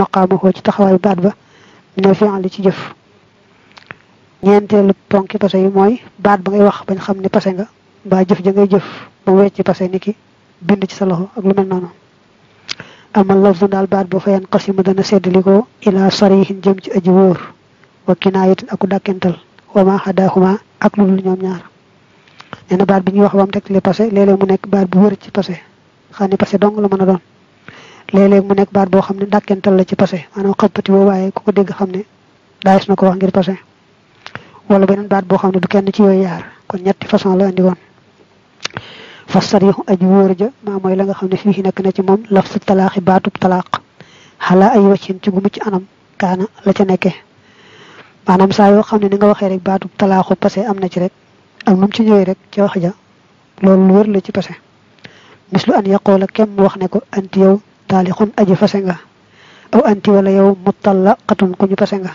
maqaamahu ci taxawaayu baat ba minal fi'li ci jëf ñeenteelu ponki passé yi mooy baat ba ngay wax bañ xam ne passé nga mbaa jëf ja ngay jëf ba wecc passé ni ki bind ci sa loxo ak lu mel noonu amal lafzu daal baat boo fayan xasima dana seddalikoo ilaa sarihin jëm ci aji wóor wa kinaayatin aku dàkkental wa daa xadaahuma ak lu dul ñoom ñaar nee baat bi ñuy wax ba mu teg li passé léeg-léeg mu nekk baat bu wër ci passé xam ne passé dong la mën a doon léeg-léeg mu nekk baat boo xam ne dàkkental la ci passé maanaam xampati boo waaye ku ko dégg xam ne daayis na ko wax ngir passé wala beneen baat boo xam ne du kenn ci yooyu yaar kon ñetti façon la andi woon fa sarixu aji wóor ja maa mooy la nga xam ne fii nekk na ci moom laf su talaaxi baatub talaaq xalaa ay waccin ci gu mucc anam kaana la ca nekkee maanaam saa yoo xam ne ni nga waxee rek baatub talaaxu passé am na ci rek ak nu mu ci ñëwee rek ca wax ja loolu lu wér la ci passé mislu an yaqoola kem wax ne ko anti yow taalixun aji fase nga aw anti wala yow mutallaqatun ku ñu fase nga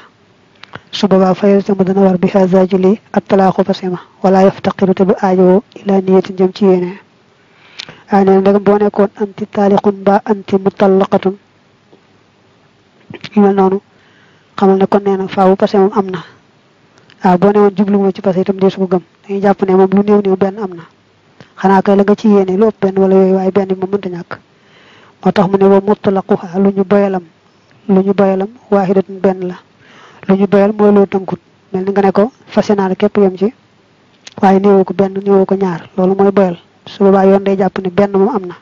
su boobaa fa yalzamu dana war bi haza juli attalaaxu fase ma wala yaftaqiru te du aajowoo ilaa niyatin jëm ci yéene a nee ndegam boo nekkoon anti taalixun ba kon nee na faawu pase am na waaw boo ci pase itam dee su ko gëm dañuy jàpp ne moom lu néew néew benn am na xanaa kay la nga ci yéene lu ëpp benn wala yooyu waaye benn bi moom mënta ñàkk moo tax mu ne wa mutlaquha lu ñu boyalam lu ñu boyalam waahidatun benn la lu ñu boyal mooy loo tënkut mel ni nga ne ko fase naa la képp yem ci waaye néewoo ko benn néewoo ko ñaar loolu mooy boyal su baa yoon day jàpp ne benn moom am na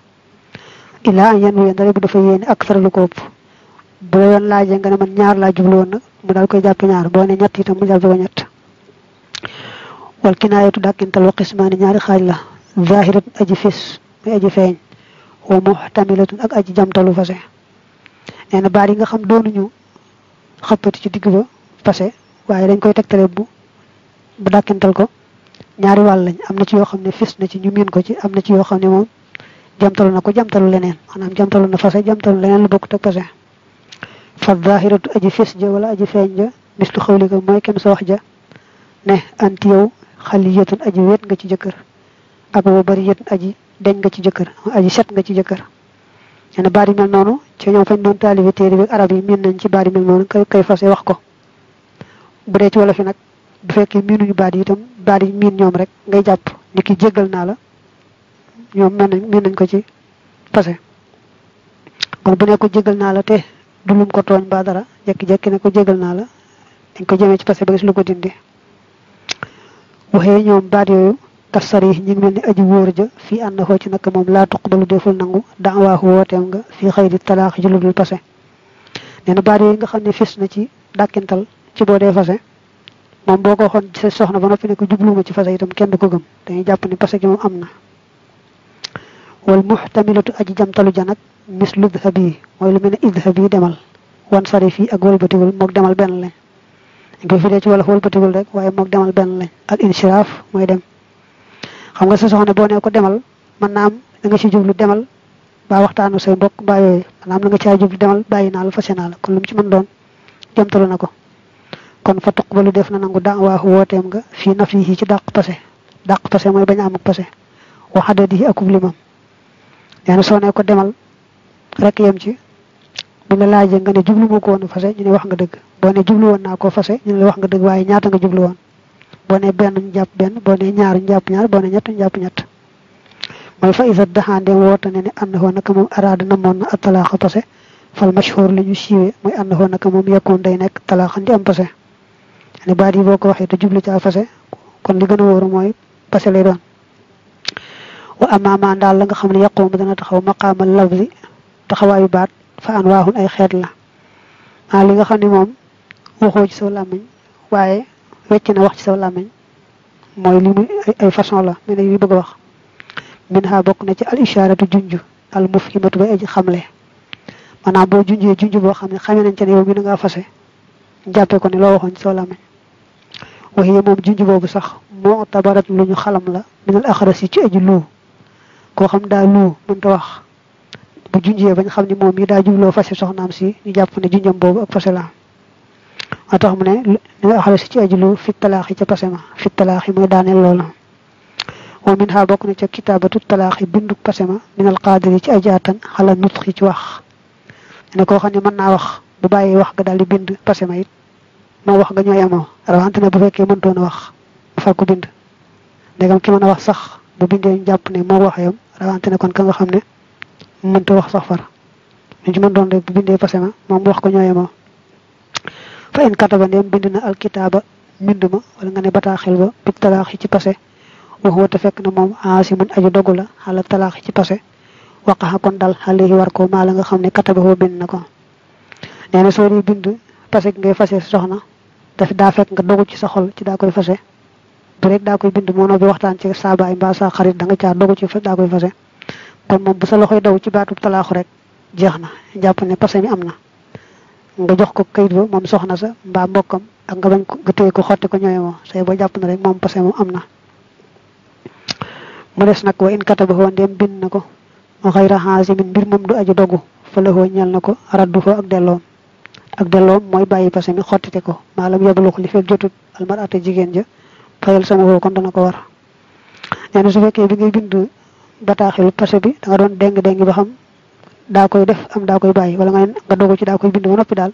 ilaa an yan ween dara bu dafa yéene ak sara ko ëpp bu la yoon laajee nga ne man ñaar laa jublu woon nag mu dal koy jàpp ñaar boo ne ñett itam mu jàppe ko ñett wal kinaayatu dàkkintal wa qismaani ñaari xaaj la zahirat aji fis muy wa muxtamilatun ak aji jamtalu fase nee na baat yi nga xam doonuñu xëppati ci digg ba fase waaye dañ koy tegtale bu bu dàkkental ko ñaari wàll lañ am na ci yoo xam ne fis na ci ñu miin ko ci am na ci yoo xam ne moom jamtalu na ko jamtalu leneen maanaam jamtalu na fase jamtalu leneen lu bokkut ak fase fa zahiratu aji fis ja wala aji feeñ ja mislu xawlika mooy kenn sa wax ja ne anti yow xaliyatun aji wet nga ci jëkkër ak bari bariyatun aji deñ nga ci jëkkër aji set nga ci jëkkër nee na baat yi mel noonu ci ñoom fañ doon taalibi téere bi arab yi miin nañ ci baat yi mel noonu kay fase wax ko bu dee ci wolof yi nag bu fekkee miinuñu baat yi itam baat yi miin ñoom rek ngay jàpp ni ki jéggal naa la ñoom mel nañ miin ko ci fase kon bu ne ko jéggal naa la te du ko tooñ ba dara jekki-jekki ko jéggal naa la dañ ko jëmee ci fase ba gis lu ko dindi waxee ñoom baat yooyu kasarih ñu ngi mel ni aji wóor ja fii ànd na koo ci naka moom laa tuqbalu deful nangu daawaahu wooteem nga fii xëy di talaax ci lu dul pase nee na baat nga xam ne fis na ci dàkkintal ci boo dee fase moom boo ko waxoon sa soxna ba noppi ne ko jubluuma ci fase itam kenn du ko gëm dañuy jàpp ni pase gi moom am na wal muxtamilatu aji jamtalu janag mislu idhabi mooy lu mel ne idhabi demal wan sarif yi ak wëlbatiwul moog demal benn lañ dañ koy firee ci wala rek waaye moog demal benn lañ al mooy dem xam nga sa soxna boo ne ko demal man naa am da nga ci jublu demal ba waxtaanu say mbokk ba yooyu maanaam la nga caa jublu demal bàyyi naa la fase naa la kon lu mu ci mën doon jomtalu na ko kon fa tuqbalu def na nangu daawaahu wooteem nga fii nafsihi ci dàq pase dàq pase mooy bañ a amuk pase waxadadihi akub limam nee na soo ne ko demal rek yem ci bu la laajee nga ne jublu moo ko woon fase ñu ne woon naa koo fase ñu ne la wax nga dëgg waaye ñaata nga jublu woon boo nee benn ñu jàpp benn boo nee ñaar ñu jàpp ñaar boo nee ñett ñu jàpp ñett mooy fa isa daxaandeem woote ne ne àndahoo naka moom araada namoon na ak talaaxa pase fal mashhur li ñu siiwee mooy àndahoo naka moom yekkoon day nekk talaaxan di am pase ne baat yi boo ko waxee te jublu ci fase kon li gën a wóoru mooy pase lay doon wa amaamaan daal la nga xam ne yàqoom dana taxaw ma maqaamal lafzi taxawaayu baat fa an waaxun ay xeet la maa li nga xam ne moom waxoo ci soo làmmiñ waaye wecc na wax ci saw làmmiñ mooy li muy ay façon la mu ne yu bëgg a wax min ha bokk na ci al isharatu junj al mufhimatu bay aji xamle maanaam boo junjee junj boo xam ne xamee nañ ca ne yow mi na ngaa fase ne loo waxoon ci saw làmmiñ waxi moom boobu sax moo tabarat lu ñu xalam la minal axras yi ci aji luu koo xam daa luu mënta wax bu junjee bañ xam ne moom yi daa jubloo fase soxnaam si ñu jàpp ne junjam boobu ak fase laa moo tax mu ne li nga axale si ci ajulu fi talaaxi ca pase ma fi talaaxi mooy daaneel loola wa min ha bokk na ca kitaabatu talaaxi binduk pase ma minal qaadiri ci ajaatan xala nutxi ci wax ne koo xam ne mën naa wax bu bàyyi wax nga daal di bind pase it moo wax nga amoo rawante ne bu fekkee mëntoon a wax bu far ko bind ndegam a wax sax bu bindee jàpp ne moo waxee kon ka nga xam ne mënta wax sax far ñu ci mën doon rek bindee pase ma moom wax ko ñooy amoo fa in kataba ndeem bind na alkitaaba mbind ma wala nga ne bataaxel ba bi talaaxi ci passé waxuwa te fekk na moom aasimun aju dogu la xala talaaxi ci passé waqaxa kon dal xale yi war ko maa la nga xam ne kataba ba bind na ko nee na soo bind passé ngay fase si soxna daf daa fekk nga dogu ci sa xol ci daa koy fase bu rek daa koy bind moo noo bi waxtaan ci saa baay mbaa saa xarit da nga caa dogu ci daa koy fase kon moom bu sa loxoy daw ci baatub talaaxu rek jeex na jàpp ne passé am na nga jox ko kayit ba moom soxna sa mbaa mbokkam ak nga bañ ko nga téye ko xotti ko ñooy moo say boo jàpp na rek moom passé moom am na mu des nag wa in bind na ko wa xayra xaasimin mbir moom du aju dogu fa laxoo ñal na ko raddu ko ak delloom ak delloom mooy bàyyi passé mi xottite ko maalam yobulux li fekk jotut almarata jigéen ja fayal sama woo kon dana ko war nee su fekkee bi ngay bind bataaxelu passé bi da doon déng déng ba xam daa koy def am daa koy bàyyi wala nga nga dogu ci daa koy bind ba noppi daal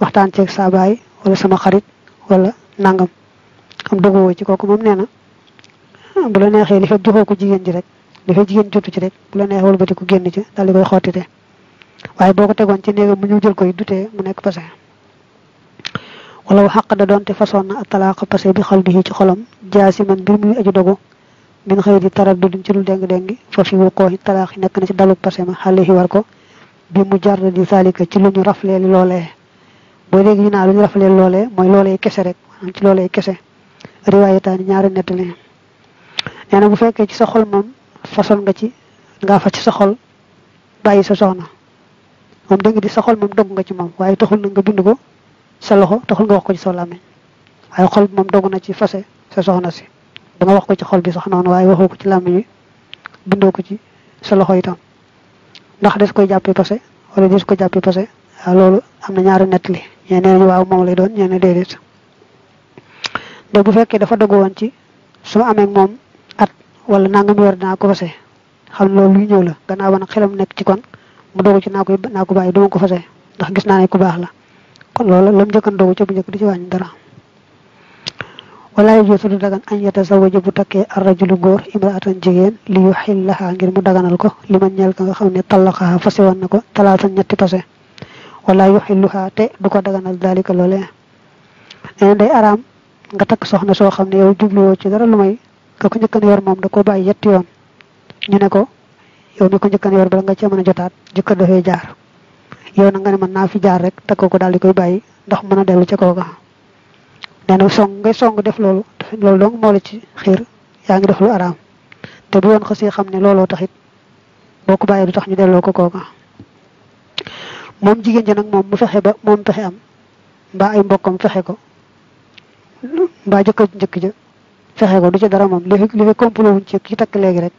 waxtaan ceeg saa baay wala sama xarit wala nangam am doguwoo ci kooku moom nee na ah, bu la neexee li fekk joxoo ko jigéen ji rek li fekk jigéen jotu ci rek bu la neexee wëlbati ko génn ci daal di koy xottite waaye boo ko tegoon ci néegam mu ñëw jël koy dutee mu nekk passé wala bu xaq da doonte façon na ak talaaka passé bi xal bi ci xolam jaasi man mbir muy aju dogu min xëyri taraddudin ci lu déng-déngi fa fi wuqooxi talaaxi nekk na ci daluk pasema xale yi war ko bi mu jarra di saalika ci lu ñu rafleeli loolee boo dégg ñu naa lu raf leen loolee mooy loolee kese rek maanaam ci loolee kese riwaayataani ñaari nettali nee na bu fekkee ci sa xol moom façon nga ci nga fa ci sa xol bàyyi sa soxna moom dégg di sa xol moom dogg nga ci moom waaye taxul na nga bind ko sa loxo taxul nga wax ko ci sa làmmiñ waaye xol moom dogg na ci fase sa soxna si dama wax ko ci xol bi sax noonu waaye waxoo ko ci làmmiñ wi bindoo ko ci sa loxo itam ndax des koy jàppee passé wala des ko jàppee passé waaw loolu am na ñaari nett li ñee nee nañu waaw moom lay doon ñee ne déedéet de bu fekkee dafa dogu woon ci su ma amee moom at wala nangam weer dinaa ko fase xam loolu luy ñëw la gannaaw ba nag xelam nekk ci kon mu dogu ci naa ko naa ko bàyyi duma ko fase ndax gis naa ne ku baax la kon loolu la mu njëkkan dogu ca bu njëkk di ci wàññi dara wala yajuusu du dagan an yatazawaja bu takkee arrajulu góor imraatan jigéen li yu xillaxaa ngir mu daganal ko li man ñeel ka nga xam ne tallaqaha fase woon na ko talaata ñetti pase wala yu xilluxaa te du ko daganal daalika loolee nee day araam nga takk soxna soo xam ne yow jubluwoo ci dara lu may ka ko njëkkan yor moom da ko bàyyi yetti yoon ñu ne ko yow mi ko njëkkan yor bala nga cee mën a jotaat jëkkër dafay jaar yow na nga ne mën naa fi jaar rek takk ko daal koy bàyyi ndax mën a dellu ca kooka neena song ngay song def loolu loolu dong moo la ci xiir yaa ngi def lu araam te bu woon xasee xam ne looloo taxit boo ko bàyyee du tax ñu delloo ko kooka moom jigéen ja nag moom mu fexe ba moom pexe am mbaa ay mbokkam fexe ko mbaa jëkkër njëkk ja fexe ko ci dara moom li li fi complot wuñ ci takk léegi rek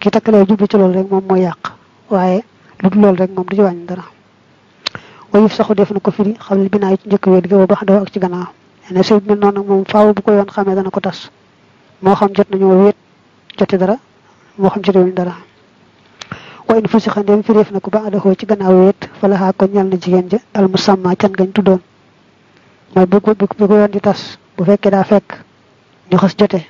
ki takk léegi jublu ci loolu rek moom mooy yàq waaye lu dul loolu rek moom du ci wàññi dara wayuf saxu def na ko firi xam ne binaay ci njëkk wéet ga ba baax doo ak ci gannaaw ne siw moom faaw bu ko yoon xamee dana ko tas moo xam jot nañoo wéet jote dara moo xam jotewuñu dara wa in fusi xandéem firéef na ko ba adahoo ci gannaaw wéet falaxaa ko ñal na jigéen ja al musamma can gañ tuddoon mooy bu ko bu ko yoon di tas bu fekkee daa fekk ñu xas jote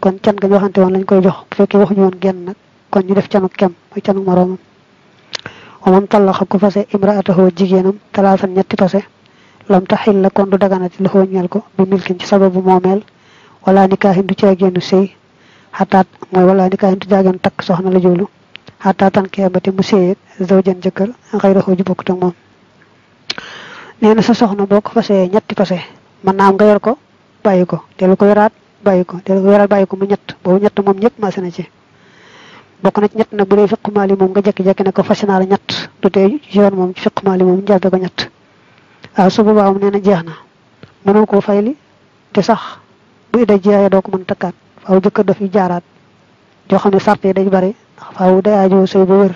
kon can gañ waxante woon lañ koy jox bu fekkee waxuñu woon genn nag kon ñu def canuk kem muy canuk moroomam wa moom tallaxa ku fase imraatahu jigéenam talaasan ñetti fase lam taxil la kon du daganati la xooñeel ko bi milkin ci sababu moomeel wala nikaahin du caageenu sëy xataat mooy wala nikaahin du caageenu takk soxna la joolu xataa tan kee ba te mu séyeg zawjan jëkkër xëy raxoo ju bokkut ak moom nee na sa soxna boo ko fasee ñetti fase mën naa am nga yor ko bàyyi ko dellu ko yoraat bàyyi ko dellu ko yoraat bàyyi ko mu ñett boobu ñett moom ñëpp maase na ci bokk na ñett nag bu dee fiqumaali moom nga ne ko naa la ñett du tee yoon moom fiqumaali moom njàppe ko ñett waaw su boobaa moom nee na jeex na mënoo koo fayli te sax bu ida jeexee doo ko mën takkaat faaw jëkkër daf yu jaaraat joo xam ne sart yi dañ bari ndax faaw day aajoo ba wér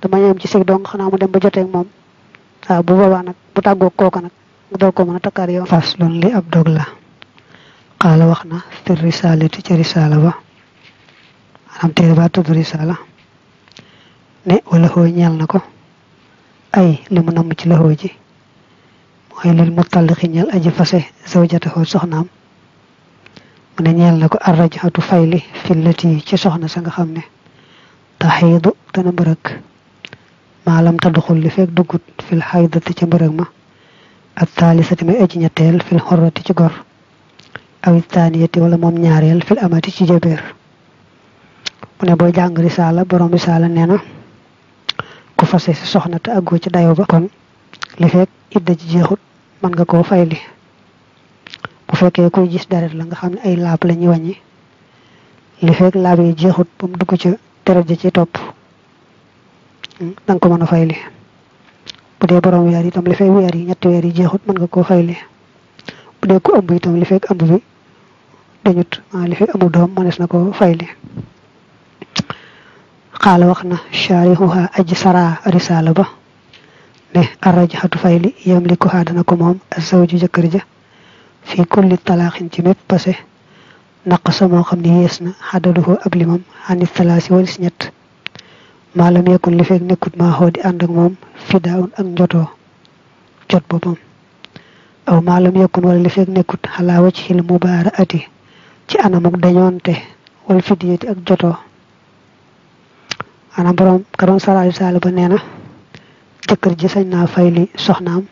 dama yem ci sig dong xanaa mu dem ba joteeg moom waaw bu boobaa nag bu tàggoo kooka nag doo ko mën a takkaat yow fas loolu ab dog la xaala wax na fi risalati ca risala ba maanaam téere ba tudd risala ne wala xoo ñeel na ko ay li mu namm ci la xoo mooy lil mutallaqi ñeel aji fase zawjatahu soxnaam mu ne ñeel na ko arrajatu fayli fillati ci soxna sa nga xam ne taxiidu dana mbërëg maalam tadxul li fekk duggut fil xaydati ca mbërëg ma ak taalisati may aji ñetteel fil xorrati ci gor aw taaniyati wala moom ñaareel fil amati ci jabeer mu ne booy jàng risaala borom risaala nee na ku fase si soxna te àggoo ci dayo ba kon li fekk idda ji jeexut mën nga koo fayli bu fekkee kuy gis darat la nga xam ne ay laab la ñuy wàññi li fekk laab yi jeexut ba mu dugg ca deret ja ci topp hmm, danga ko mën a fayli bu dee borom yi tam li fekk weer yi ñetti weer yi jeexut mën nga koo fayli bu dee ku ëmb itam li bi dañut ah li fekk ëmb doom mënees na koo fayli xaala wax na shaarihuha aji saraa risaala ba ne arrajxatu fay li yam li ko xaadana ko moom azawju jëkkër ja fii kulli talaaxin ci mépp passé naq sa moo xam ne yées na xadaduhu ak limam xanit talaasi walis ñett maalam yekkun li fekk nekkut maa di ànd ak moom fidaawun ak njotoo jot boppam aw maalam yekkun wala li fekk nekkut xalaa wacc xil mubaara ati ci anamuk dañoonte wala fidiyati ak jotoo ana borom ka doon saraayu saala ba nee na jëkkër ji sañ naa fay li soxnaam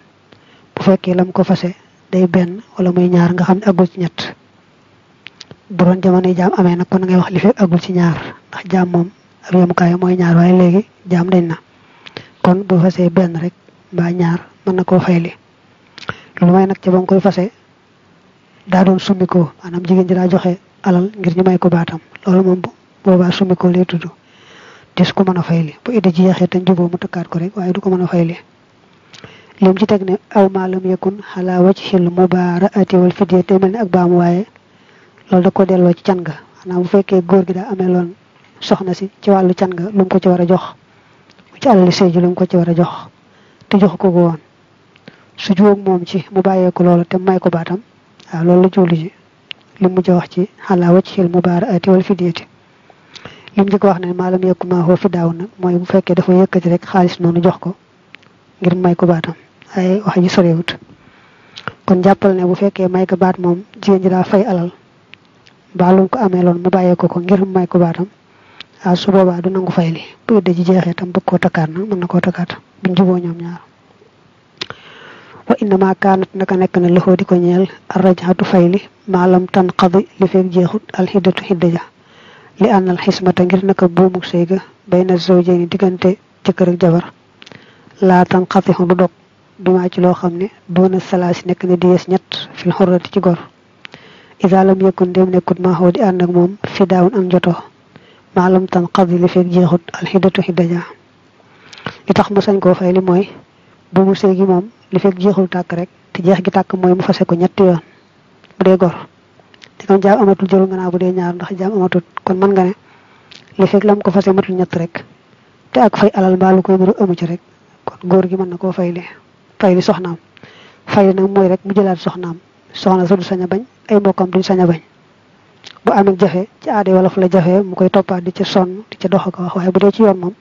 bu fekkee lam ko fase day benn wala muy ñaar nga xam ne àggul ci ñett bu doon jamono yi jaam amee nag kon ngay wax li fekk àggul ci ñaar ndax jaam moom ab yemukaay mooy ñaar waaye léegi jaam dañ na kon boo fasee benn rek mbaa ñaar mën na koo fayli lu may nag ca ba koy fase daa doon summikoo maanaam jigéen ji daa joxe alal ngir ñu may ko baatam loolu moom boobaa summikoo lay tudd su ko mën a fayle bu idda ji jeexee tañ juboo mu takkaat ko rek waaye du ko mën a li lim ci teg ne aw maalum yakun xalaa wajhil mubaaraati wal fidya te mel ne ak baamu loolu da ko delloo ci can ga maanaam bu fekkee góor gi daa amee loon soxna si ci wàllu can ga lu mu ko ci war a jox ci àlali sëy ji mu ko ci war a jox te ko ko moom ci mu bàyyeeku loolu te may ko baatam waaw loolu la juuli ji li mu mujj wax ci xalaa wajhil mubaaraati wal fidyati lim njëkk wax ne maalam yokku maa xoo fi daaw mooy bu fekkee dafa yëkkati rek xaalis noonu jox ko ngir may ko baatam ay wax ji sorewut kon jàppal ne bu fekkee may ko baat moom jigéen ji daa fay alal baa ko amee loon mu bàyyee ko ko ngir may ko baatam ah su boobaa du nangu fay li bu ëdda ji jeexee tam bëgg koo takkaat nag mën na koo takkaat buñ juboo ñoom ñaar wa innama kaanat naka nekk na loxoo di ko ñeel arrajaatu fay li maalam tan xadi li feeg jeexut alxiddatu xidda ja li àndal xismata ngir naka buumug sëy ga bay na zawjayni diggante jëkkër ak jabar laatan xatixu du dog bimaa ci loo xam ne doona salaasi nekk na di yees ñett fil xorrati ci gor isaalam yëkkun dem nekkut maaxoo di ànd ak moom fi daawun ak njoto maalam tan xadi li feeg jeexut alxidatu xidaja li tax mu sañ koo fay li mooy buumu sëy gi moom li feeg jeexul tàkk rek te jeex gi tàkk mooy mu fase ko ñett yoon bu dee gor te kon jaam amatul jëru nga naa bu dee ñaar ndax jaam amatul kon man nga ne li fekk lam ko fase matul ñett rek te ak fay alal mbaalu koy nuru amu ci rek kon góor gi mën na koo fayle fayli soxnaam fayli nag mooy rek mu jëlaat soxnaam soxna sa du sañ bañ ay mbokkam duñ sañ a bañ bu amee jafe ci aada wala la jafe mu koy toppaat di ci sonn di ci dox ko waaye bu dee ci yoon moom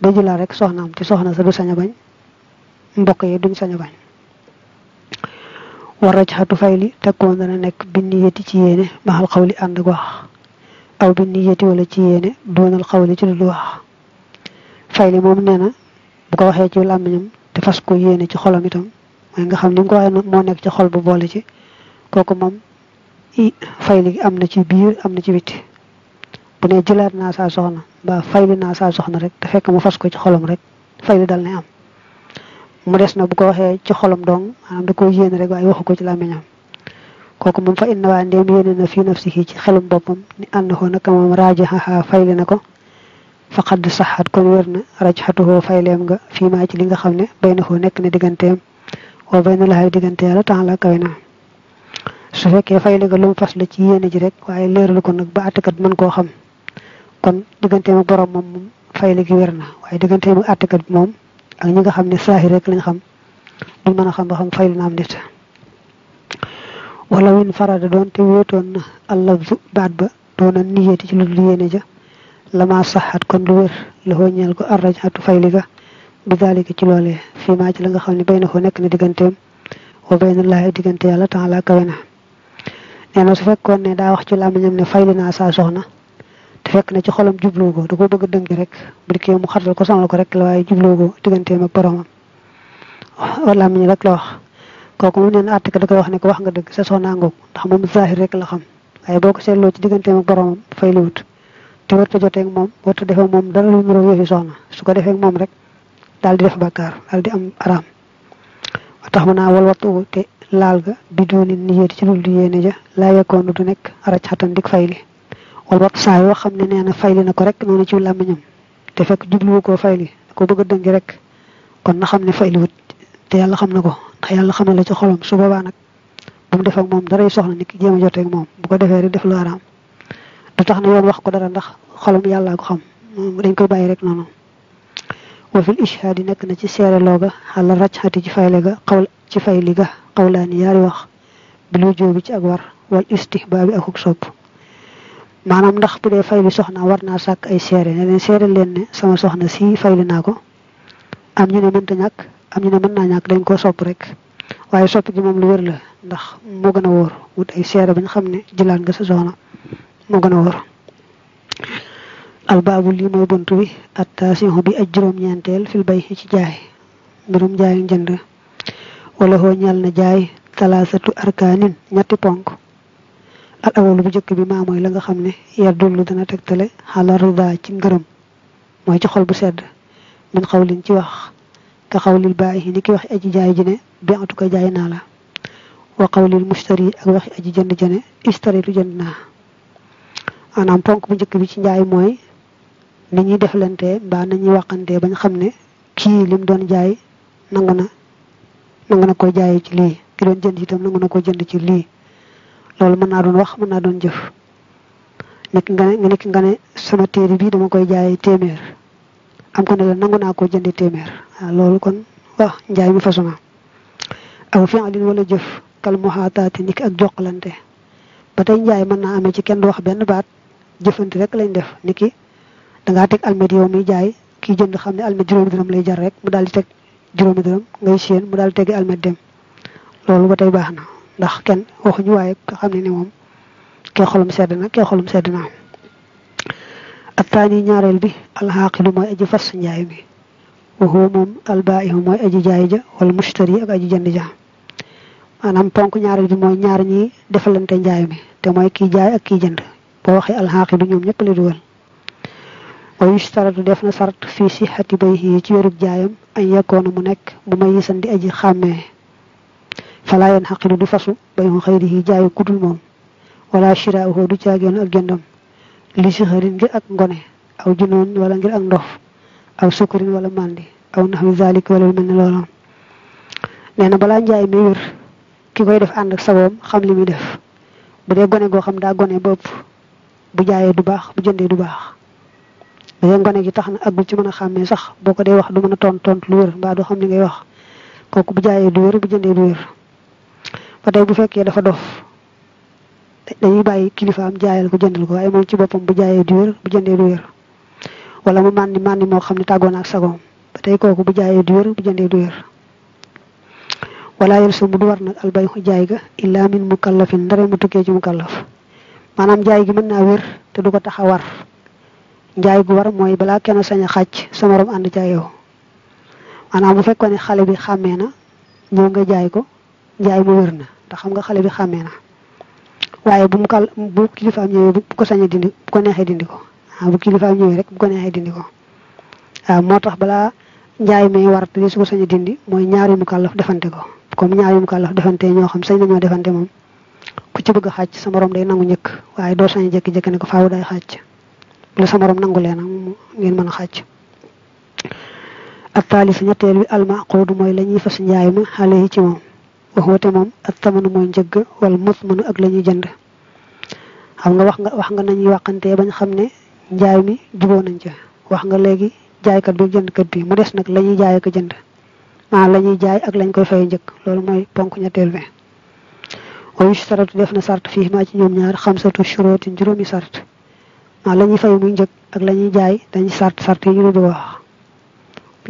day jëlaat rek soxna sa du sañ a bañ mbokk yi duñ sañ a bañ war rajxatu fayli takkoon dana nekk bind niyati ci yéene maxal xawli ànd ak wax aw bi niyati wala ci yéene doonal xawli ci lu wax fayli moom nee bu ko waxee ci làmmiñam te fas ko yéene ci xolam itam mooy nga xam ni mu ko waxee moo nekk ci xol bu boole ci kooku moom fayli gi am na ci biir am na ci witti bu ne jëlaat naa saa soxna mbaa fayli naa saa soxna rek te fekk mu fas ko ci xolam rek fayli dal na am mu des na bu ko waxee ci xolom dong maanaam da ko yéene rek waaye waxu ko ci làmmiñam kooku moom fa na waa ndéem yéene na fii nafsihi ci xelum boppam ni ànd ko naka moom raajaha fayle na ko faqad saxaat kon wér na rajxatuhu fayleem nga fi maa ci li nga xam ne bay na ko nekk na digganteem wa bay na laxay diggante tax la kawe na su fekkee fayle nga lu mu fas ci yéene ji rek waaye leeralu ko nag ba àttekat koo xam kon digganteem ak borom moom fayle gi wér na waaye digganteem ak àttekat moom ak ñi nga xam ne saahir rek lañ xam duñ mën a xam ba xam faylu na am nit wala win farada doon te wéetoon na allafzu baat ba doona niyati ci lu dul yéene ja sax saxaat kon lu wér la ko ñeel ko arrajaatu fayli ga bi daalika ci maa ci la nga xam ne bay na ko nekk na digganteem wa bay na laay diggante yàlla temps laa kawe na nee na su fekkoon ne daa wax ci làmmiñam ne fayli naa saa soxna te fekk na ci xolam jubloo ko da ko bëgg a dënk rek bu dikkee mu xatal ko sonal ko rek la waaye jubloo ko digganteem ak boromam wala mi rek la wax kooku moom nee na àtte ka da koy wax ne ko wax nga dëgg sa soxnaa ngoog ndax moom zahir rek la xam waaye boo ko seetloo ci digganteem ak boromam fay liwut te warta jotee joteek moom warta defee moom dara lu mu yëfi soxna su ko defee moom rek daal di def bàkkaar daal di am araam tax mu naa wal wattu te laal ga bi dooni niyéeti ci dul di yéene ja du nekk araj xatan dik fay li wala saa yoo xam ne nee na fayli na ko rek noonu ci làmmiñam te fekk jubluwu koo fayli ko bëgg a dëngi rek kon na xam ne fayliwut te yàlla xam na ko ndax yàlla xam na la ci xolam su boobaa nag bu mu moom daray soxla nit ki jéem a joteeg moom bu ko defee rek def lu tax na yoon wax ko dara ndax xolam yàllaa ko xam dañ koy bàyyi rek noonu wa fil ishaadi nekk na ci seere looga xala rajxati ci fayle ga xaw ci fayli ga xawlaani yaari wax bi lu jóobi ci ak war wal istihbaabi akuk sopp maanaam ndax bu dee faylu soxna war naa sàkk ay seere ne leen seere leen ne sama soxna si faylu naa ko am ñu ne mënta ñàkk am ñu ne mën naa ñàkk dañ koo sopp rek waaye sopp gi moom lu wér la ndax moo gën a wóor wut ay seere bañ xam ne jëlaat nga sa soxna moo gën a wóor albaabu lii mooy bunt bi attaasihu bi ak juróom-ñeenteel fil bay ci jaay mbirum jaay njënd wala hoo ñal na jaay talaasatu arkaanin ñetti ponk al awalu bu jëkk bi maa mooy la nga xam ne yar dullu dana tegtale xala rida ci ngërëm mooy ci xol bu sedd min xawlin ci wax ka xawlil baayi ni ki wax aji jaay ji ne bi atu ko jaay naa la wa xawlil mushtari ak wax aji jënd jëne istaritu jënd naa ponk bu njëkk bi ci njaay mooy ni ñuy deflantee mbaa na ñuy waxantee bañ xam ne kii lim doon jaay nangu na nangu na ko jaayee ci lii ki doon jënd itam nangu na ko jënd ci lii loolu mën naa doon wax mën naa doon jëf nekk nga ne nga ne sama téere bii dama koy jaayee téeméer am ko ne la nangu naa koo jëndee téeméer waaw ah, loolu kon wax njaay mi façon aw fi'lin wala jëf kal muhaataati niki ak jokkalante ba tey njaay mën naa amee ci kenn du wax benn baat jëfante rek lañ def niki dangaa teg almet yow muy jaay kii jënd xam ne almet juróomi dërëm lay jar rek mu daal di teg juróomi dërëm ngay séen mu daal di tegi almet dem loolu ba tey baax na ndax kenn waxuñu waaye nga xam ne ni moom kee xolum sedd na kee xolum sedd na ak taani ñaareel bi alxaaqilu mooy aji fas njaay mi waxoo moom albaa'ihu mooy aji jaay ja wala mushtari ak aji jënd ja maanaam ponk ñaareel bi mooy ñaar ñi defalante njaay bi te mooy kiy jaay ak kiy jënd boo waxee alxaaqilu ñoom ñëpp la dugal wa yushtaratu def na sart fii sihhati bayhi ci yorug jaayam añ yekkoona mu nekk mu may yisan di aji xàmmee falaa yan xaqilu du fasu bayu xayrihi jaayu kudul moom wala shiraawoo du caageen ak jëndam li sixarin ngir ak ngone aw junoon wala ngir ak ndof aw sukarin wala màndi aw naxwi zalik wala lu mel ne loola nee na balaa njaay mi wér ki koy def ànd ak saboom xam li muy def bu dee gone goo xam daa gone ba ëpp bu jaayee du baax bu jëndee du baax bu dee gone gi tax na ak bu ci mën a xàmmee sax boo ko dee wax du mën a tont tont lu wér mbaa ngay wax kooku bu jaayee du wér bu jëndee du ba tey bu fekkee dafa dof dañuy bàyyi kilifaam jaayal ko jëndal ko waaye moom ci boppam bu jaayee du wér bu jëndee du wér wala mu màndi màndi moo xam ne tàggoon ak tey kooku bu jaayee du wér bu jëndee du wér wala yel sumu du war nag albay jaay ga illaa min mukallafin ndare mu tukkee ci mukallaf maanaam jaay gi mën naa wér te du ko tax a war jaay gu war mooy balaa kenn sañ a xàcc sa morom ànd ca yow bu fekkoon ne xale bi xàmmee na ñëw nga jaay ko njaay mu wér na ndax xam nga xale bi xàmmee na waaye bu mu kal bu kilifaam ñëwee bu ko sañee dindi bu ko neexee dindi ko bu kilifaam ñëwee rek bu ko neexee dindi ko waaw moo tax balaa njaay may war te su ko sañee dindi mooy ñaari mu kàllaf defante ko comme ñaari mu kàllaf defante ñoo xam sañ nañoo defante moom ku ci bëgg a xàcc sa morom day nangu njëkk waaye doo sañ jékki-jékki ne ko faaw day xàcc lu sa morom nangu leen ngeen mën a xàcc. ak bi almaqoodu mooy la ñuy fas njaay ma xale waxoote moom ak tamanu mooy njëgg wala mos mënu ak lañuy jënd xam nga wax nga wax nga nañuy waxantee bañ xam ne njaay mi juboo nañ ca wax nga léegi jaaykat bi jëndkat bi mu des nag la ñuy jaay ak jënd maa la jaay ak lañ koy fay njëkk loolu mooy ponk ñetteel bi wa yustaratu def na sart fii maa ci ñoom ñaar xamsatu shurootin juróomi sart maa la ñuy fay muy njëkk ak la ñuy jaay dañuy sart sart yi ñu doon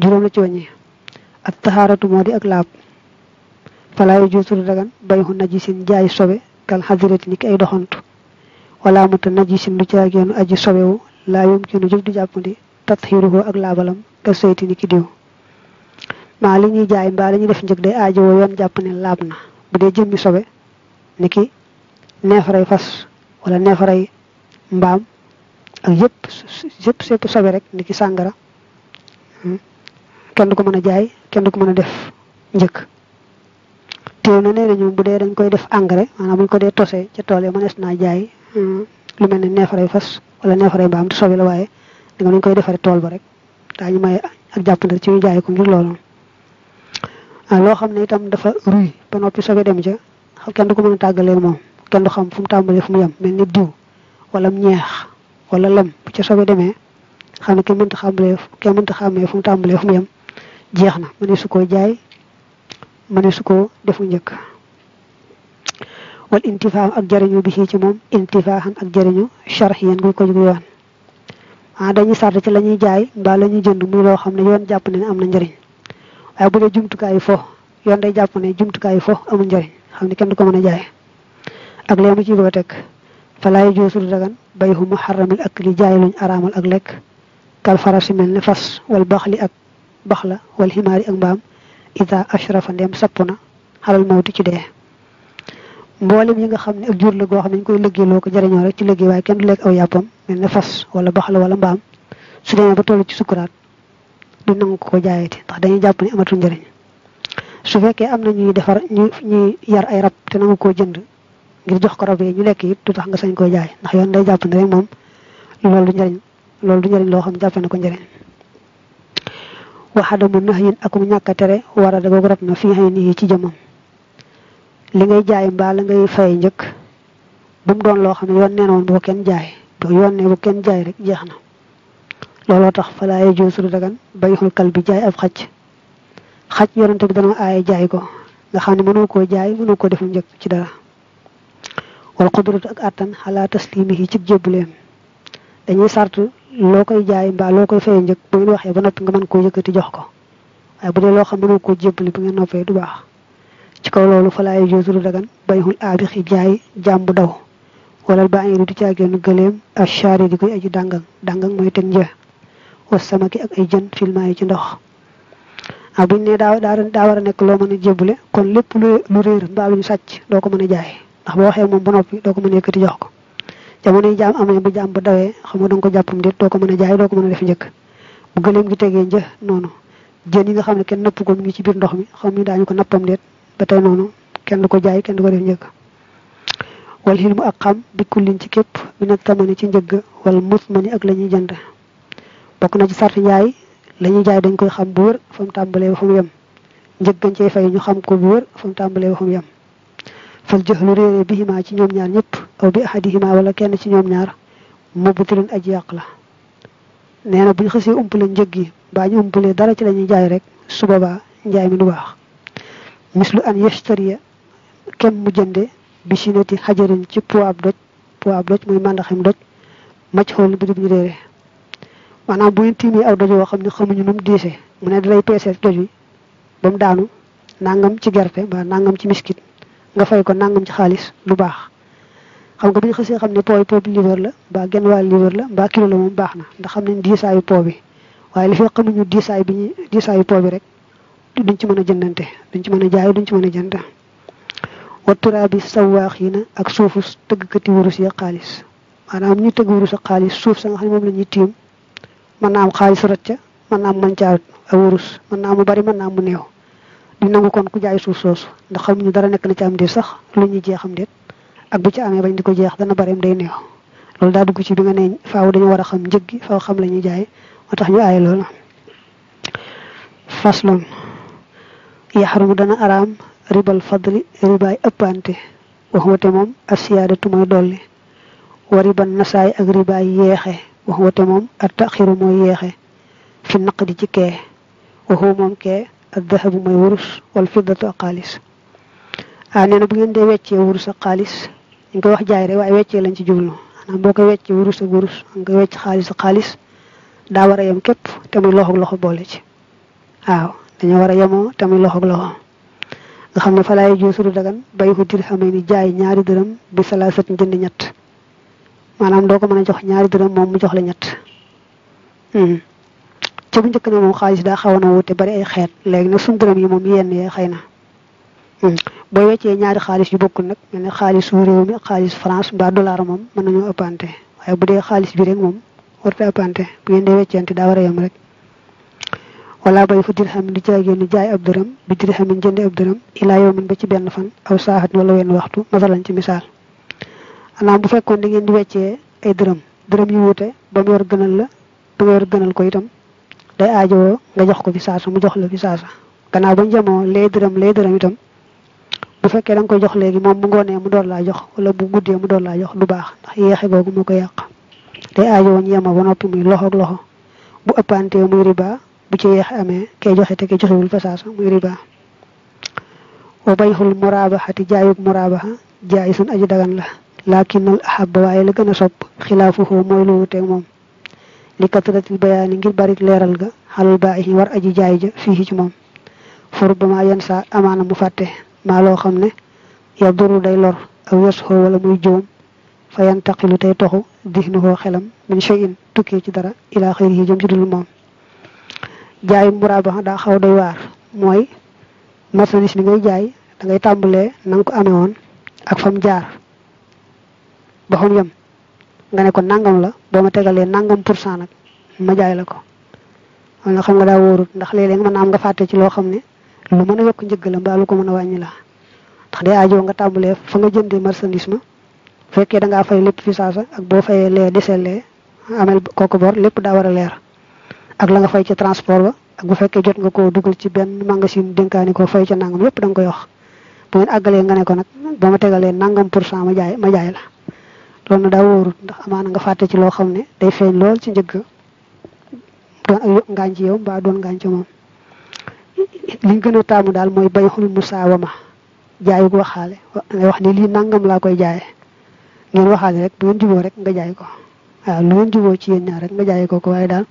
juróom la ci wàññi ak taxaaratu moo di ak laab falaa yajuusu lu dagan bayxu najisin jaay sobe kal xadirati ni ki ay doxantu wala muta najisin lu caageenu aji sobewu laa yumkinu jëf du jàppandi tathiruhu ak laabalam ka seyti ni ki diw maa li ñuy jaay mbaa li ñuy def njëg day aajowoo yoon jàpp ne laab na bu dee jëmmi sobe ni ki neefaray fas wala neefaray mbaam ak yëpp yëpp sobe rek ni ki sàngara hmm, kenn du ko mën a jaay kenn du ko mën a def njëkk teew na nee bu dee dañ koy def engrais maanaam buñ ko dee tosee ca tool yi mënees naa jaay hmm, lu mel ne neefare fas wala neefare mbaam te sobi la waaye da dañ koy defare tool ba rek daañu may ak jàppandal ci ñu jaay ko ngir loolu ah, loo xam ne itam dafa ruy ba noppi sobi dem ca xam kenn du ko mën a tàggaleel moom kenn du xam fu mu tàmbalee fu mu yem mel ni diw wala ñeex wala lem bu ca sobi demee xam ne kenn mënta xàmbalee kenn mënta xàmmee fu mu tàmbalee fu yem jeex na mënees koo jaay mëne su ko defu njëkk wal intifaam ak jariñu bi ci moom intifaaxan ak jariñu charxiyan guñ ko jug yoon ah dañuy sart ci lañuy jaay mbaa lañuy jënd muy loo xam ne yoon jàpp ne am na njariñ waaye bu dee jumtukaayu fo yoon day jàpp ne jumtukaayu fo amul njariñ xam ne kenn du ko mën a jaay ak lee mu ci bëgg a teg falaay joosul dagan bay xu mu ak li jaay luñ araamal ak lekk kal farasi mel ne fas wal baxli ak baxla wal ximaari ak mbaam ida ashrafa ndem sapp na xalal mawti ci dee mboolem yi nga xam ne ak jur la goo xam ne ñu koy liggéey loo ko jariñoo rek ci liggéey waaye kenn du lekk aw yàppam mel fas wala baxal wala mbaam su demee ba toll ci sukkuraat du nangu ko ko jaayati ndax dañuy jàpp ni amatul njëriñ su fekkee am na ñuy defar ñu ñuy yar ay rab te nangu koo jënd ngir jox ko rab yi ñu lekk it du tax nga sañ koo jaay ndax yoon day jàpp ne rek moom loolu du njëriñ loolu du njëriñ loo xam jàppe na ko njëriñ waxada mu nax ak akum ñàkk a tere warada googu rot na fii xëy nii ci jëmam li ngay jaay mbaa la ngay fay njëkk bu mu doon loo xam ne yoon ne na woon bu kenn jaay to yoon ne bu kenn jaay rek jeex na looloo tax falaa yajuusu lu dagan bay'ul kalbi jaay ab xaj xaj yonante bi dana aaye jaay ko nga xam ne mënoo koo jaay mënoo koo deful njëkk ci dara wal qudratu ak àttan xalaa taslimihi ci jébbuleem dañuy sartu loo koy jaay mbaa loo koy fayee njëg bu ngeen waxee ba noppi nga mën koo yëkkati jox ko waaye bu dee loo xam mënoo koo jébbali bu ngeen noppee du baax ci kaw loolu fa laay juusu lu dagan bayxul aabixi jaay jaam bu daw wala ngi du di caagéenu gëleem ak chaari di koy aji dàngang dàngang mooy teg njëg sama samaki ak ay jën filma yi ci ndox ah buñ ne daa daa war a nekk loo mën a jébbale kon lépp lu réer mbaa lu ñu sàcc doo ko mën a jaay ndax boo waxee moom bu noppi doo ko mën a yëkkati jox ko jamono yi jaam amee bu jaam bu dawee xam nga danga ko jàppam déet doo ko mën a jaay doo ko mën a def njëkk bu gëléem gi tegee një noonu jën yi nga xam ne kenn napp ko mu ngi ci biir ndox mi xam ni daañu ko nappam déet ba tey noonu kenn du ko jaay kenn du ko def njëkk wal xilmu ak xam bi kullin ci képp mina tamani ci njëgg wala mus mani ak lañuy ñuy jënd bokk na ci sart njaay la jaay dañ koy xam bu wër fa mu tàmbalee ba fa mu yem njëg gañ cey ñu xam ko bu wër fa tàmbalee ba mu yem fal jëxlu réere bi ximaa ci ñoom ñaar ñëpp aw bi ahadihima wala kenn ci ñoom ñaar mubtilun aji yàq la nee na bu ñu xasee umpale njëg yi baa ñu umpalee dara ci la ñuy jaay rek su boobaa njaay mi du baax mislu an yashtariya kem mu jënde bi sinati xajarin ci poab doj poab doj muy màndaxim doj mac xool bi ñu réere maanaam bu ñu aw doj woo xam ne xamuñu nu mu diisee mu ne dalay peesee doj wi ba mu daanu nangam ci gerte mbaa nangam ci miskit nga fay ko nangam ci xaalis lu baax xam nga bu ñu xasee xam ne pooy poob liibar la mbaa genn wàll liibar la mbaa kilo la moom baax na ndax xam nañ diisaayu poo bi waaye li fekk xamuñu diisaay bi ñu diisaayu poo bi rek duñ ci mën a jëndante duñ ci mën a jaay duñ ci mën a jënd wa turaabi sawaax yi na ak suufu tëggkati wurus ya xaalis maanaam ñu tëgg wurus ak xaalis suuf sa nga xam ne moom la ñuy tiim mën na am xaalis ca man na am mancaar ak wurus mën naa mu bari mën naa mu néew duñ nangu kon ku jaay suuf soosu ndax xamuñu dara nekk na ci am déet sax lu ñuy jeexam déet ak bu ci amee bañ di ko jeex dana bareem day neew loolu daa dugg ci bi nga ne faaw dañu war a xam njëggi gi faaw xam la ñuy jaay moo tax ñu aaye loolu faslon yaxarumu dana araam ribal fadli ribaay ëppante waxwate moom a siyaadatu mooy dolli wa riban nasaay ak ribaay yeexe waxwate moom a taxiru mooy yeexe fi naq di ci kee waxu moom kee ak dahabu mooy wurus wal fiddatu ak xaalis ah nee na bu ngeen dee weccee wurus ak xaalis ñu koy wax jaay rek waaye weccee lañ ci jublu maanaam boo ko weccee wurus ak wurus nga wecc xaalis ak xaalis daa war a yem képp te muy loxo loxo boole ci waaw dañoo war a yemoo te muy loxo ak loxo nga xam ne fa laay joosu du dagan bay ko dirhamay ni jaay ñaari dërëm bi salaasat jënd ñett maanaam doo ko mën a jox ñaari dërëm moom mu jox la ñett hmm. ci bu njëkk na moom xaalis daa xawoon a wute bari ay xeet léegi nag suñu dërëm yi moom yenn yee xëy na hmm. boo weccee ñaari xaalis yu bokkul nag mel ne xaalisu réew mi xaalis France mbaa dollar moom mën nañoo ëppante waaye bu dee xaalis bi rek moom warta ëppante bu ngeen dee weccante daa war a yem rek wala bay fu dirhamin di jaay génn jaay ab dërëm bi dirhamin jënde ab dërëm ilaa yawmin ba ci benn fan aw saaxat wala wenn waxtu lañ ci misaal anaam bu fekkoon da ngeen di weccee ay dërëm dërëm yi wuute ba mu yor gënal la ba mu yor gënal ko itam day aajowoo nga jox ko fi saasa mu jox la fi saasa gannaaw bañ jamoo lee dërëm lee dërëm itam bu fekkee da koy jox léegi moom bu ngoonee mu door laa jox wala bu guddee mu door laa jox du baax ndax yeexe googu moo ko yàq te aajowoo ñu yemoo ba noppi muy loxo loxo bu ëppantee muy riba bu ci yeexe amee kay joxe te kay joxewul fasaasa muy riba wa bayxul muraabaxati jaayub muraabaxa jaay sun aji dagan la laakinal ahab waaye la gën a sopp xilaafuhu mooy lu wuteeg moom li katratil bayaani ngir barik leeral ga xalal baayi war aji jaay ci moom furubama yenn saa amaana mu fàtte maa loo xam ne yaduru day lor aw yasxo wala muy juum fa yantaqilu tey toxu dihnuhu xelam min shay'in tukkee ci dara ilaa xayrihi jëm ci dul moom jaay muraabaxa daa xaw waar mooy marchandise bi ngay jaay da ngay tàmbalee na nga ko amee woon ak fam jaar ba xam nga ne nangam la boo ma tegalee nangam pour cent nag ma jaay la ko wala xam nga daa wóorut ndax léeg-léeg mën naa am nga fàtte ci loo xam ne lu mën a yokk njëg la mbaa lu ko mën a wàññi la ndax day ajoo nga tàmbalee fa nga jëndee marchandise ma fekkee da ngaa fay lépp fi saasa ak boo fayee lee desee lee amel kooku lépp daa war a leer ak la nga fay ci transport ba ak bu fekkee jot nga ko dugal ci benn magasin dénkaani ko fay ca nangam lépp danga nga koy wax bu àggalee nga ne ko nag ba ma tegalee nangam pour cent ma jaay ma jaay la loolu na daa wóorul ndax amaana nga fàtte ci loo xam ne day feeñ ci njëgg doon ak ngaañ yow mbaa doon ngaañ li ñu gën a taamu daal mooy bay xul musaawama jaayu ko waxaale wax ni lii nangam laa koy jaaye ngeen waxaale rek bu ngeen juboo rek nga jaay ko waaw lu ngeen juboo rek nga jaay ko ko waaye daal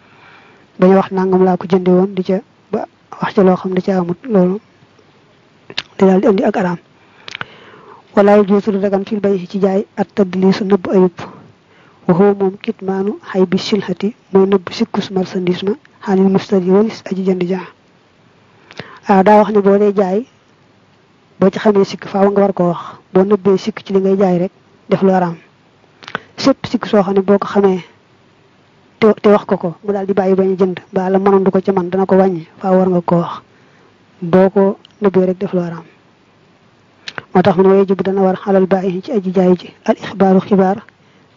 bañ wax nangam laa ko jënde woon di ca ba wax ca loo xam ne ca amut loolu di daal di indi ak araam walaayu juutul dagan fil bay ci jaay at tadlisu nëbb ayub waxoo moom kitmaanu xay bi silxati mooy nëbb sikkus marchandise ma xaanil mustari walis aji jënd jaa waaw daa wax ne boo dee jaay boo ci xamee sikk faaw nga war koo wax boo nëbbee sikk ci li ngay jaay rek def lu araam sépp sikk soo xam ne boo ko xamee te te wax ko ko mu daal di bàyyi ba ñu jënd ba la mënoon ko ci man dana ko wàññi faaw war nga koo wax boo ko nëbbee rek def lu araam moo tax mu ne wayjib dana war xalal bàyyi ci aji jaay ji al ixbaaru xibaar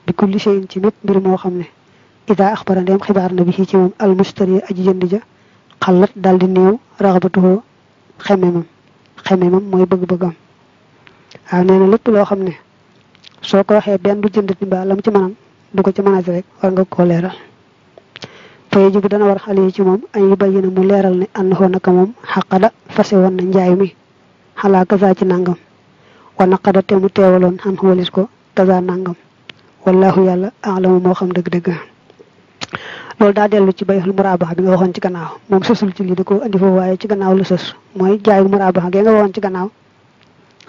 bi kulli shay'in ci mépp mbir moo xam ne ida axbara ndeem xibaar na bi ci moom al mustari jënd ja xalat daal di néew raxabatuhu xememam xememam mooy bëgg-bëggam waaw nee na lépp loo xam ne soo ko waxee benn du jëndati mbaa lam ci mënam du ko ci mënati rek war nga koo leeral fay jibu dana war xale yi ci moom ay yu bayyina mu leeral ne ànd xoo naka moom xaqada fase woon na njaay mi xalaa kasaa ci nàngam wa naqada te mu teewaloon xan xoolis ko kasaa nàngam wallahu yàlla alamu moo xam dëgg-dëgg loolu daa dellu ci bayul muraabax bi nga waxoon ci gannaaw moom sësul ci lii da ko andi foofu waaye ci gannaaw la sës mooy jaayul muraabax ge nga waxoon ci gannaaw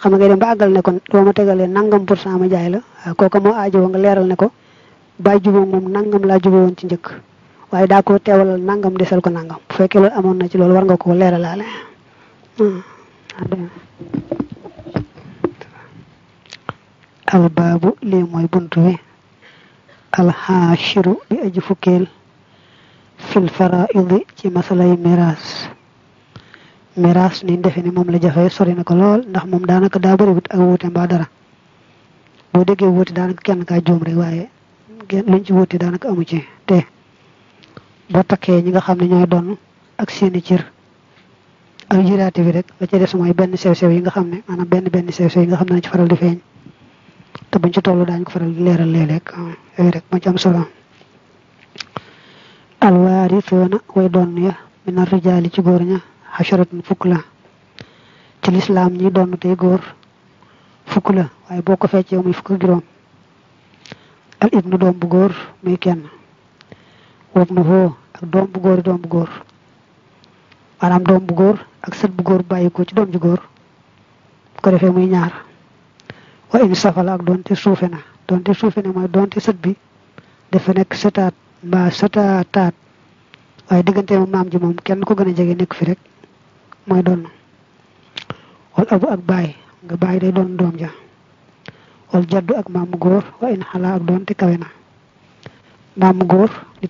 xam nga ngay dem ba àggal ne kon doo tegalee nangam pour cent ma jaay la kooka moo aajowoo nga leeral ne ko bàyyi jubóo moom nangam laa jubóo ci njëkk waaye ko teewalal nangam desal ko nangam bu fekkee loolu amoon na ci loolu war nga ko leeralaale hmm. albaabu lii mooy buntu bi alxaashiru bi aji fukkeel fil faraidi ci masalay miraas miraas ni defe ni moom la jafee sori na ko lool ndax moom daanaka daa bëriwut ak wuute baa dara boo déggee wuute daanaka kenn kaa juum rek waaye luñ ci wuute daanaka amu ci te boo takkee ñi nga xam ne ñooy doon ak seeni cër ak jiraate bi rek la ca des mooy benn sew sew yi nga xam ne maanaam benn benn sew sew yi nga xam ne na ci faral di feeñ te buñ ci tollu daañ ko faral di leeral léeg-léeg ah, rek moo ci am solo alwaarituuna way donn ya mina rijaali ci góor ña xasharatun fukk la ci lislaam ñi donn tey góor fukk la waaye boo ko feccee muy fukk juróom al ibnu doom bu góor muy kenn wob na foo ak doom bu góor doom bu góor maanaam doom bu góor ak sët bu góor bàyyi ko ci doom ju góor bu ko defee muy ñaar wa in safala ak doonte suufe na doonte suufe na mooy doonte sët bi dafa nekk sëtaat mbaa sataataat waaye diggante moom maam ji moom kenn ko gën a jege nekk fi rek mooy doon wal abu ak baay nga baay day doon doom ja wal jaddu ak maamu góor wa in xalaa ak doon te kawe na maamu góor di